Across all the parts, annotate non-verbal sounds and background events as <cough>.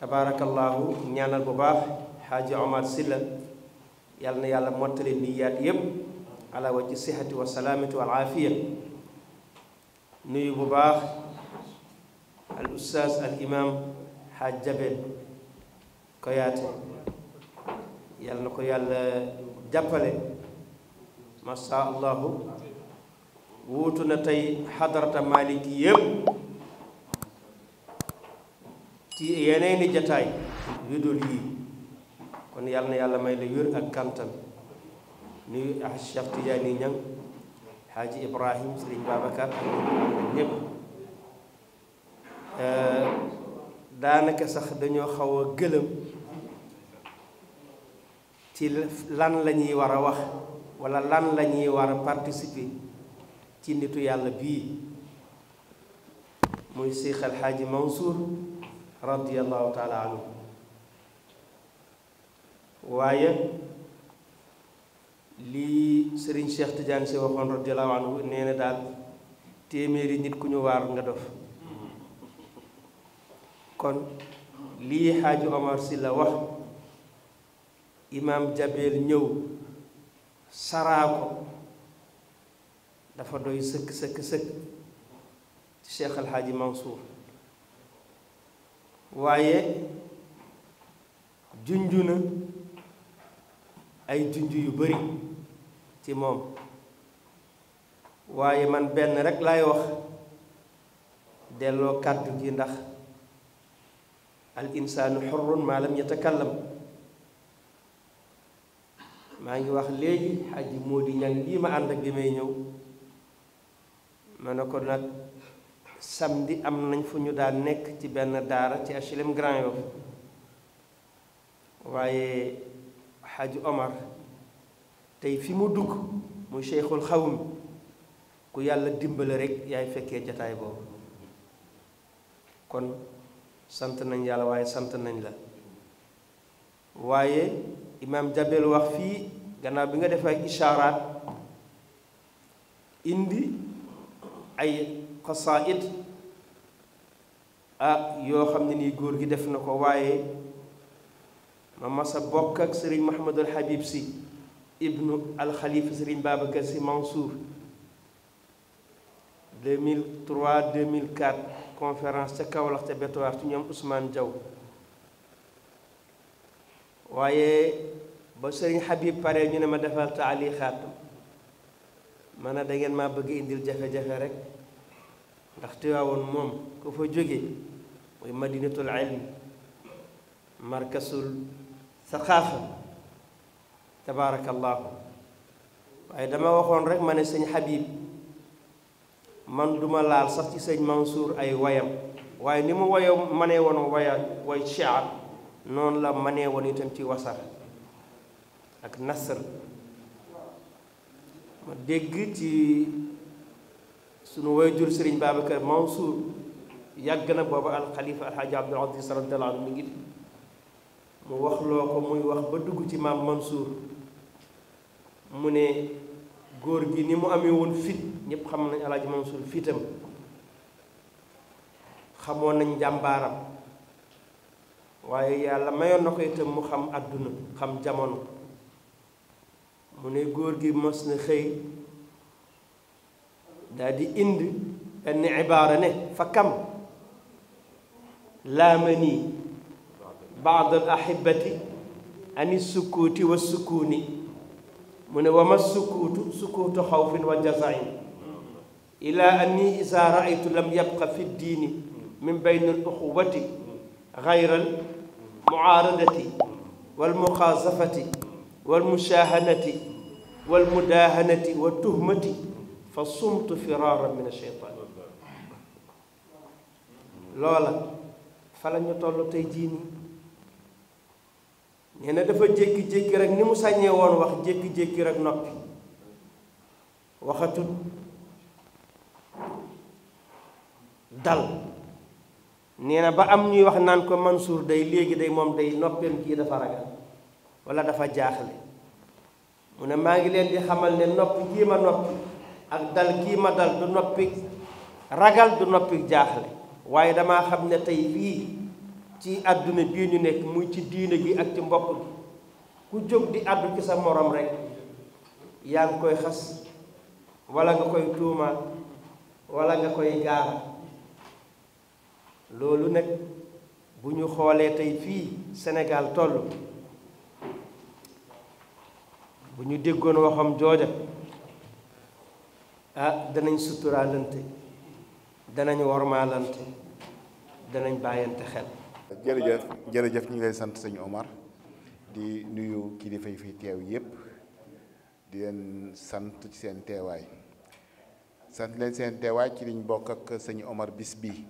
tabaarakallaahu ñaanal bu baax xaaji omar silla yàlla na yàlla mottali niyaat yépp ala wajhi sihati wa salaamati wal aafiya nuyu bu baax al ustaas al imaam xaaj jabel koyaate yàlla na ko yàlla jàppale masha allahu wuutu na tey xadarata maaliki yépp ci yeneeni jataay yu yii kon yàlla na yàlla may la wér ak kantan nuyu ah Cheikh Tidiane Niang Xaaji Ibrahim Sëriñ Babacar ak ñëpp euh, daanaka sax dañoo xaw a gëlëm ci lan la ñuy war a wax walla lan la ñuy war a ci nitu yàlla bii muy Seex Alxaaji Mansour radiallahu taala anhu waaye lii sëriñ Cheikh Tidiane si waxoon radiallahu anhu nee na daal téeméeri nit ku ñu waar nga dof kon lii xaaji Omar si la wax imaam Jabel ñëw saraa dafa doy sëkk sëkk sëkk ci Cheikh Alxaaji Mansour waaye junju na ay junj yu bari ci moom waaye man benn rekk laay wax delloo kàddu gi ndax al insaanu xurrun maa lam yatakallam maa ngi wax léegi xaj moo di ñan lii ma ànd ak bi may ñëw ma ne ko nag samedi am nañ fu ñu daan nekk ci benn daara ci HLM Grand Yoff waaye xaaju Omar tey fi mu dugg mu cheikhul xawmi ku yàlla dimbale rekk yaay fekkee jataay boobu kon sant nañ yàlla waaye sant nañ la waaye imaam Jabel wax fii gannaaw bi nga def ay ishaaraat indi ay xasaid ah yoo xam ne nii góor gi def na ko waaye ma masa bokk ak sëriñ Mahamadul Habib si ibnu alxalifa sëriñ Babacar si Mansour 2003 2004 conférence ca Kaolack ca Betoar ci ñoom Ousmane jaw waaye ba sëriñ Habib pare ñu ne ma defal taalixaat ma ne da ngeen bëgg indil jafe-jafe rek ndax te Tiwaawoon moom ku fa jóge mooy madinatul ilm markasul saqaafa tabaarakallaahu waaye dama waxoon rekk ma ne sëñ Habib man duma laal sax ci sëñ Mansour ay wayam waaye ni mu wayoo manee woon waya way shiar noonu la manee woon itam ci wasar ak nasr ma dégg ci sunu wayjur Serigne Babacar Mansour yàgg na booba alxalifa alxaaji Abdul Aziz radiyallaahu anhu mi ngi mu wax ko muy wax ba dugg ci maam Mansour mu ne góor gi ni mu amee woon fit ñépp xam nañ alaaji Mansour fitam xamoon nañu jàmbaaram waaye yàlla mayoon na ko itam mu xam àdduna xam jamono mu ne góor gi mos na xëy daal di indi benn ibaara ne fa kam laamanii baad al ahibati ani sukuuti wa sukuuni mu ne wa ma sukuutu sukuutu xawfin wa jazain ila anni isa raaytu lam yabqa fi diini min bayn al uxuwati gayra al muaaradati wal muxaasafati wal mushahanati wal mudaahanati wa tuhmati fa sumtu firaaran min ash-shaytaan loola fa la ñu toll tey jii nii nee na dafa jékki-jékki rek ni mu sañee woon wax jékki-jékki rek noppi waxatul dal nee na ba am ñuy wax naan ko Mansour day léegi day moom day noppeem kii dafa ragal wala dafa jaaxle mu ne maa ngi leen di xamal ne noppi jéem a noppi ak dal kii ma dal du noppi ragal du noppi jaaxle waaye damaa xam ne tey bii ci àdduna bii ñu nekk muy ci diine gi ak ci mbokk gi ku jóg di àddu ci sa morom rek yaa ngi koy xas wala nga koy tuumaal wala nga koy gaara loolu nag bu ñu xoolee tey fii Sénégal toll bu ñu déggoon waxam jooja ah danañ suturaalante danañ wormaalante danañ bàyyante xel jërëjëf jërëjëf ñu ngi sant sëñ Omar di nuyu kilifa yi fi teew yépp di leen sant ci seen teewaay sant leen seen teewaay ci liñ bokk ak sëñ Omar bis bii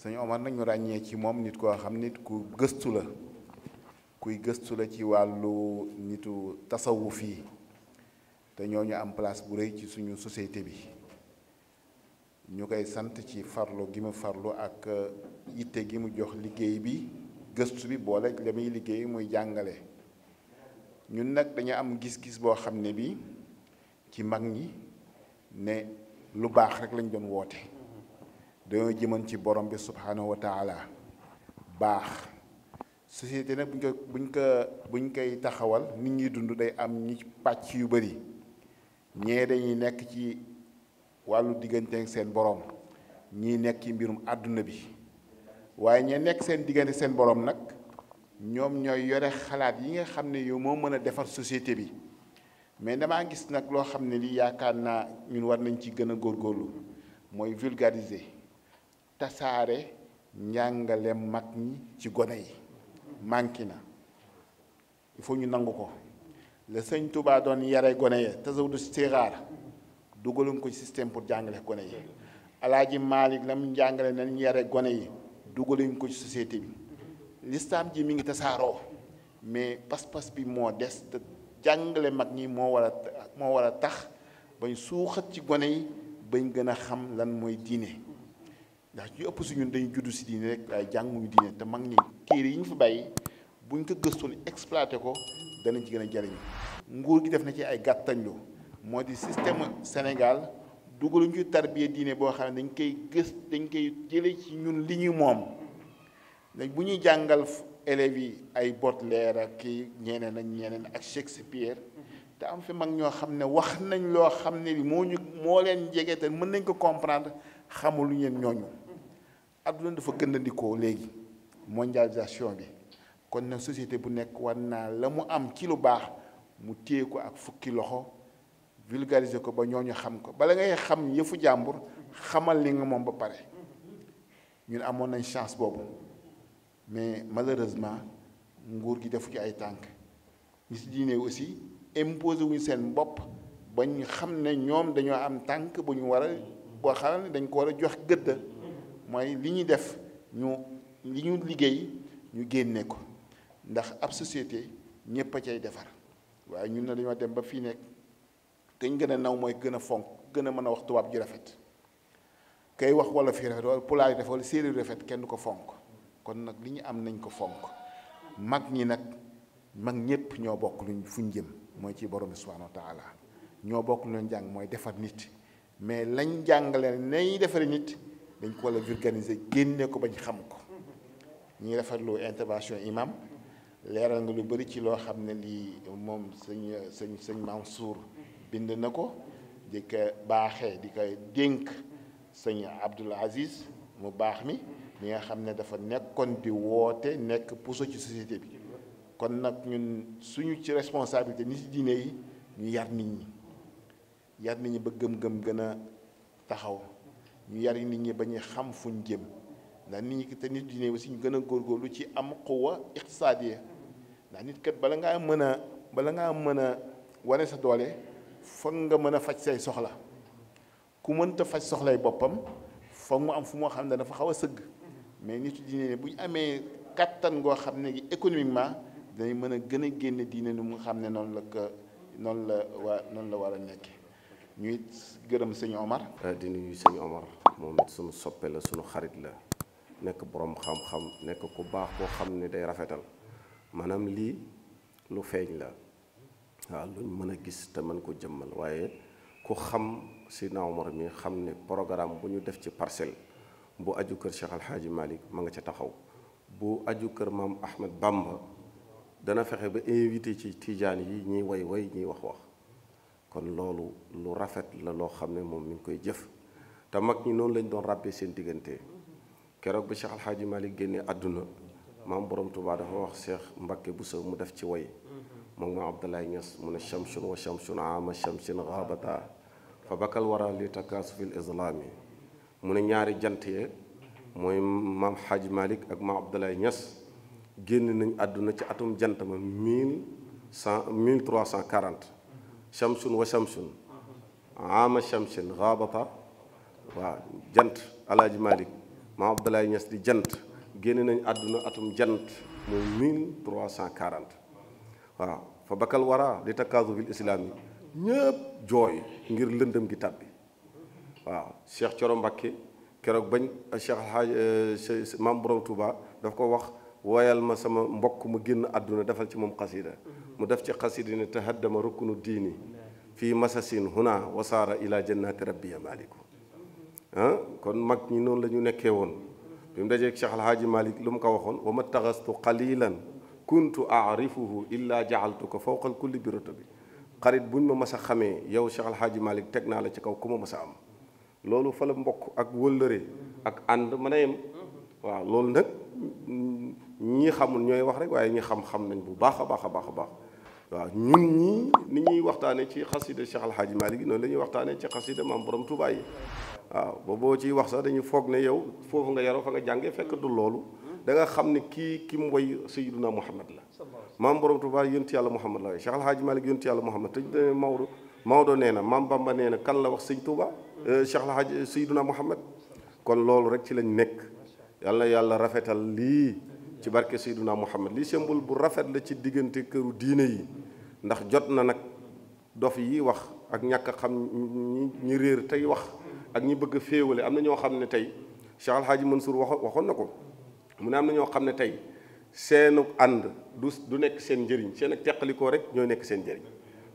sëñ Omar nag ràññee ci moom nit koo xam nit ku gëstu la kuy gëstu la ci wàllu nitu tasawuf yi te ñoo ñu am place bu rëy ci suñu société bi ñu koy sant ci farlu gi mu farlu ak uh, yitte gi mu jox liggéey bi gëstu bi boole la muy liggéey muy jàngale ñun nag dañu am gis-gis boo xam ne bi ci mag ñi ne lu baax rek lañ doon woote dañoo jëman ci borom bi subhanahu wa baax société nag buñ ko buñ ko buñ koy taxawal nit ñuy dund day am ñi pàcc yu bari ñee dañuy nekk ci wàllu digganteek seen boroom ñii nekk ci mbirum àdduna bi waaye ñee nekk seen diggante seen boroom nag ñoom ñooy yore xalaat yi nga xam ne yow moo mën a defar société bi mais dama gis nag loo xam ne lii yaakaar naa ñun war nañ ci gën a góorgóorlu mooy vulgariser tasaare njàngale mag ñi ci gone yi manqué na il faut ñu nangu ko la sëñ Touba doon yare gone ya tasawudu sixaar dugaluñ ko système pour jàngale gone yi alaaji Malick la mu jàngale nañ yare gone yi dugaluñ ko ci société bi lislaam ji mi ngi tasaaroo mais pas-pas bi moo des te jàngale mag ñi moo war a moo war a tax bañ suuxat ci gone yi bañ gën a xam lan mooy diine ndax ñu ëpp si ñun dañu juddu si diine rek waaye jànguñu diine te mag ñi téere yi ñu fi bàyyi bu buñ ko gëstoon exploité ko danañ ci gën a jariñ nguur gi def na ci ay gàttañlu moo di système Sénégal dugaluñ ci tarbiya diine boo xam ne dañ koy gës dañ koy jële ci ñun li ñuy moom dañ bu ñuy jàngal élèves yi ay Baudelaire ak kii ñeneen ak ñeneen ak Shakespeare te am fi mag ñoo xam ne wax nañ loo xam ne bi moo ñu moo leen jege te mën nañ ko comprendre xamul lu ñeen ñooñu adduna dafa gëndandikoo léegi mondialisation bi kon nag société bu nekk war naa la mu am ci lu baax mu téye ko ak fukki loxo vulgariser ko ba ñoo ñu xam ko bala ngay xam yëfu jàmbur xamal ni nga moom ba pare ñun amoon nañ chance boobu mais malheureusement nguur gi defu ci ay tànk ñi si diine aussi imposé wuñu seen bopp ba ñu xam ne ñoom dañoo am tànk ba ñu war a boo xam ne dañ ko war a jox gëdd mooy li ñuy def ñu li ñu liggéey ñu génne ko ndax ab societé ñépp a cay defar waaye ñun na dañoo dem ba fii nekk te gën a naw mooy gën a fonk gën a mën a wax tubaab ji rafet kay wax wala fii rafet wala pulaar yi rafet rafet kenn du ko fonk kon nag li ñu am nañ ko fonk mag ñi nag mag ñépp ñoo bokk luñ fuñ jëm mooy ci borom subhanahu wa taala ñoo bokk lu leen jàng mooy defar nit mais lañ jàngale nañ defare nit dañ ko war a vulgariser génne ko bañ xam ko ñuy rafetlu intervention imam leeral nga lu bari ci loo xam ne lii moom sëñ sëñ sëñ Mansour bind na ko di ko baaxee di ko dénk sëñ Abdoul Aziz mu baax mi mi nga xam ne dafa nekkoon di woote nekk puso ci société bi kon nag ñun suñu ci responsabilité ni ci diine yi ñu yar nit ñi yar nit ñi ba gëm-gëm gën a taxaw ñu yar yi nit ñi bañuy xam fuñ jëm ndax nit ñi te nit diine aussi ñu gën a góorgóorlu ci am xuwa iqtisaadiya ndax nit kat bala ngaa mën a bala ngaa mën a wane sa doole foog nga mën a faj say soxla ku mënta faj soxlay boppam foog mu am fu moo xam ne dafa xaw a sëgg mais nitu diine ne bu ñu amee kattan goo xam ne gi économiquement dañ mën a gën a génne diine nu mu xam ne noonu la ko noonu la waa noonu la war a nekk ñuy gërëm sëñ Omar. Euh, di nuyu sëñ Omar moom it sunu soppe la sunu xarit la nekk boroom xam-xam nekk ku baax koo xam ne day rafetal. maanaam lii lu feeñ la waaw luñ mën a gis te mën ko jëmmal waaye ku xam Seydina Omar mi xam ne programme bu ñu def ci parcelle bu aju kër Cheikh Alhaaji Malick ma nga ca taxaw bu aju kër maam Ahmed Bamba dana fexe ba invité ci tijaan yi ñiy way way ñiy wax wax kon loolu lu rafet la loo xam ne moom mi ngi koy jëf te mag ñi noonu lañ doon ràbbee seen diggante keroog ba Cheikh Alhaaji Malick génnee àdduna maam borom Touba dafa wax Cheikh bu Bousso mu def ci woy mm-hmm. moom ma Abdoulaye Niass mu ne chamsun wa chamsun ama chamsin xaabata fa bakal wara li takasufil islami mu ne ñaari jant ye mm-hmm. mooy maam Xaaji Malick ak maam Abdoulaye Niass génn nañ àdduna ci atum jant ma mille cent quarante chamsun mm-hmm. wa chamsun ama chamsin xaabata waaw jant alaaji Malick maam Abdoulaye Niass di jant génne nañ àdduna atum jant mooy cent quarante waaw fa bakkal wara li takkaasu bil islaam yi ñëpp jooy ngir lëndëm gi tàbbi waaw Cheikh Coro Mbakke keroog bañ euh, Cheikh Alhaaj euh, maam borom Touba daf ko wax woyal ma sama mbokk mu génn àdduna defal ci moom xasida mu def ci xasida ne tahaddama ruknu diini fii masasin huna wasaara ila jannati rabbiya maliku ah kon mag ñi noonu la ñu nekkee woon bi mu dajeeg Cheikh Alhaaji Malick lu ma ko waxoon wa ma taxastu qalilan kuntu aarifuhu illa jaaltu ko fawqal kulli bi bi xarit bu ñu ma mas a xamee yow Cheikh xaaji malik teg naa la ci kaw ku ma mas a am loolu fa la mbokk ak wëllëre ak ànd ma a yem waaw loolu nag ñi xamul ñooy wax rek waaye ñi xam-xam nañ bu baax a baax a baax a baax waaw ñun ñii ni ñuy waxtaane ci xasida Cheikh Alhaaji Malick noonu la ñuy waxtaane ci xasida maam borom tubaay waaw boobu boo ciy wax sax dañu foog ne yow foofu nga yaroo fa nga jàngee fekk du loolu da nga xam ne kii ki mu woy sayyiduna muhammad la maam borom Tuubaa yonti yàlla muhammad la Cheikh Alhaaji Malik yonti yàlla muhammad te demee Maodo Maodo nee na maam Bamba nee na kan la wax sëñ Tuubaa mm. euh, Cheikh Alhaaji euh, sayyiduna muhammad kon loolu rek ci lañ nekk yàlla yàlla rafetal lii ci barke sayyiduna muhammad lii sembul bu rafet la ci diggante këru diine yi ndax jot na nag dof yi wax ak ñàkk xam ñi réer tey wax ak ñi bëgg a féewale am na ñoo xam ne tey Cheikh Alhaaji Mansour wax waxoon na ko mu ne na ñoo xam ne tey seenu ànd du du nekk seen njëriñ seen ak teqalikoo rek ñooy nekk seen njëriñ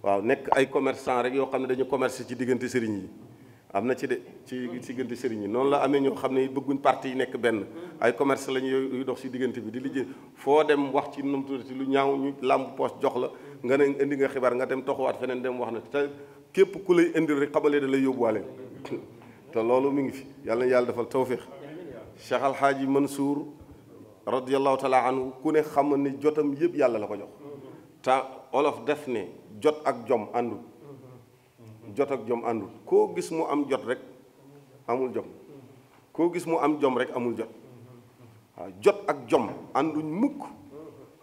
waaw nekk ay commerçant rek yoo xam ne dañu commerce ci diggante sëriñ yi am na ci de ci diggante sëriñ yi noonu la amee ñoo xam ne bëgguñ parti yi nekk benn ay commerce lañu yuy dox ci diggante bi di lijjee foo dem wax ci numtu ci lu ñaaw ñu làmb poos jox la nga ne indi nga xibaar nga dem toxuwaat feneen dem wax na te képp ku lay indil rek xamalee da lay yóbbuwaale te loolu mi ngi fi yàlla na yàlla defal tawfiq Cheikh Al Hadj Mansour radiyallahu taala ku ne xam ne jotam yépp yàlla la ko jox te olof def ne jot ak jom àndul jot ak jom àndul koo gis mu am jot rek amul jom koo gis mu am jom rek amul jot jot ak jom ànduñ mukk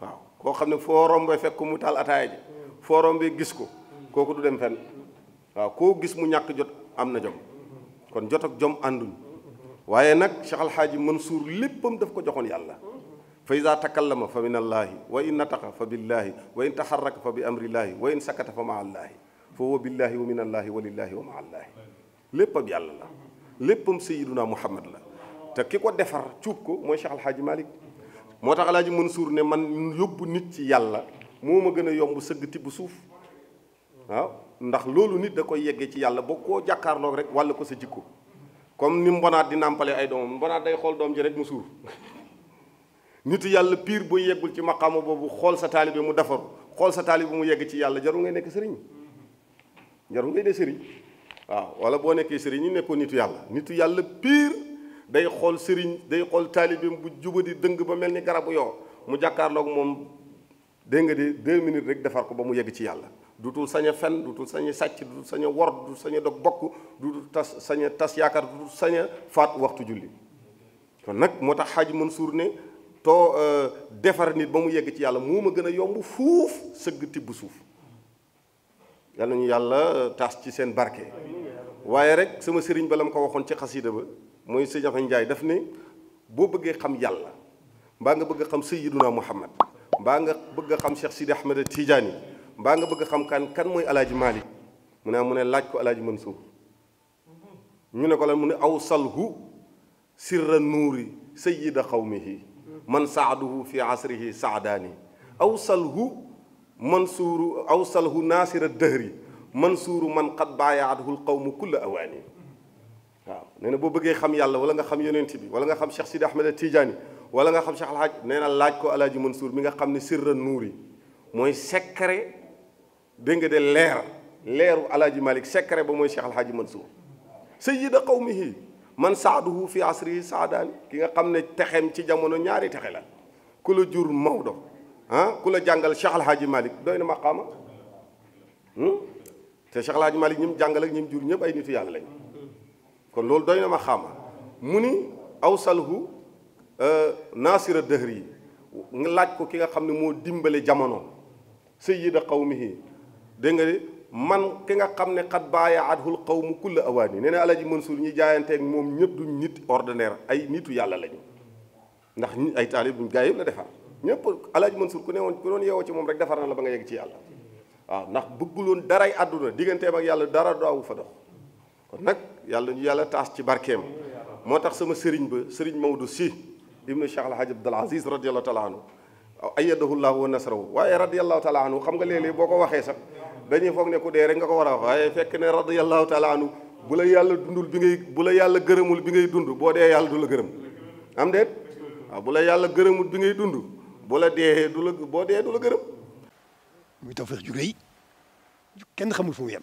waaw koo xam ne foo rombee fekk mu taal ataaya ji foo rombee gis ko kooku du dem fenn waaw koo gis mu ñàkk jot am na jom kon jot ak jom ànduñ waaye nag Cheikh Al Hadj Mansour léppam daf ko joxoon yàlla fa ida takallama fa min allaahi wa in nataqa fa billaahi wa in taxaraka fa bi amrillaahi wa in sakata fa maa allaahi fa huwa billaahi wa min allaahi wa lillaahi wa maa allaahi léppam yàlla la léppam sayiduna muhammad la te ki ko defar cuub ko mooy Cheikh Al Hadj moo tax Alaaji Mansour ne man yóbbu nit ci yàlla moo ma gën a yomb sëgg tibb suuf waaw ndax loolu nit da koy yeggee ci yàlla ba koo jàkkaarloog rek wàll ko sa jikko comme ni mbonaat di nàmpale ay doom mbonaat day xool doom ji rek mu suur <laughs> nit yàlla piir boo yeggul ci maqaama boobu xool sa taalibe mu defaru xool sa taalibe mu yegg ci yàlla jaru ngay nekk sëriñ jaru ngay dee sëriñ waaw wala boo nekkee sëriñ ñu nekkoo nitu yàlla nitu yàlla piir day xool sëriñ day xool taalibeem bu juba di dëng ba mel ni garabu yoo mu jàkkaarloog moom dégg nga di deux minutes rek defar ko ba mu yegg ci yàlla dutul sañ fen dutul sañ a sàcc dutul sañ a dutul sañ a dog bokk dutul tas sañ tas yaakaar dutul sañ faat waxtu julli kon nag moo tax xaaj suur ne too euh, defar nit ba mu yegg ci yàlla mu ma gën a yomb fuuf sëgg tibb suuf yal nañu yàlla taas ci seen barke waaye rek sama sëriñ ba la mu ko waxoon ci xasiida ba mooy sëñ fa Njaay daf ne boo bëggee xam yàlla mbaa nga bëgg a xam Sayyiduna Muhammad mbaa nga bëgg a xam Cheikh Sidi Ahmed Tidiane baa nga bëgg xam kan kan mooy alaaji Malick mu ne mu laaj ko alaaji Mansour ñu ne ko la mu ne aw salhu sirra nuuri sayida xawmihi man saaduhu fi asrihi saadaani aw salhu mansuuru aw salhu naasira dëhri mansuuru man qad baayaathu lqawmu kulla awaani waaw nee na boo bëggee xam yàlla wala nga xam yonent bi wala nga xam Cheikh Sidi Ahmed Tidiane wala nga xam Cheikh Alhaaj nee na laaj ko alaaji Mansour mi nga xam ne sirra nuuri mooy secret dégg nga de leer leeru alaaji malik secret ba mooy cheikh alhaaji mansour sayyida qawmihi man saaduhu fi asrihi saadaani ki nga xam ne texem ci jamono ñaari texe la ku la jur Maodo ah ku la jàngal cheikh alhaaji malik doy na maqaama hmm? te cheikh alhaaji malik ñi mu jàngal jur ñëpp ay nitu yàlla lañ kon loolu doy na maqaama mu ni awsalhu euh, naasira dëhër yi laaj ko ki nga xam ne moo dimbale jamono sayyida qawmihi dégg nga man ki nga xam ne xat baaya adhul qawmu kulla awaani nee na Alaaji Mansuur ñi jaayanteek moom ñëpp du nit ordinaire ay nitu yàlla lañu ndax ñi ay taalib buñ gaa yëpp la defar ñëpp Alaaji Mansuur ku ne woon ku ci moom rek defar na la ba nga yegg ci yàlla waaw ndax bëgguloon daray àdduna digganteem ak yàlla dara daawu fa dox kon nag yàlla ñu yàlla taas ci barkeem moo tax sama sëriñ ba sëriñ Maodo Sy ibnu Cheikh El Hadj Abdal Aziz radiyallahu taala anhu ayyadahu llahu wa nasrahu waaye radiyallahu taala anhu xam nga léeg boo ko waxee sax dañuy foog ne ku dee rek nga ko war a wax waaye fekk ne radiyallahu taala anhu bu la yàlla dundul bi ngay bu la yàlla gërëmul bi ngay dund boo dee yàlla du la gërëm am déet waaw bu la yàlla gërëmul bi ngay dund bu la dee du la boo dee du la gërëm muy tawfeex ju rëy kenn xamul fu mu yem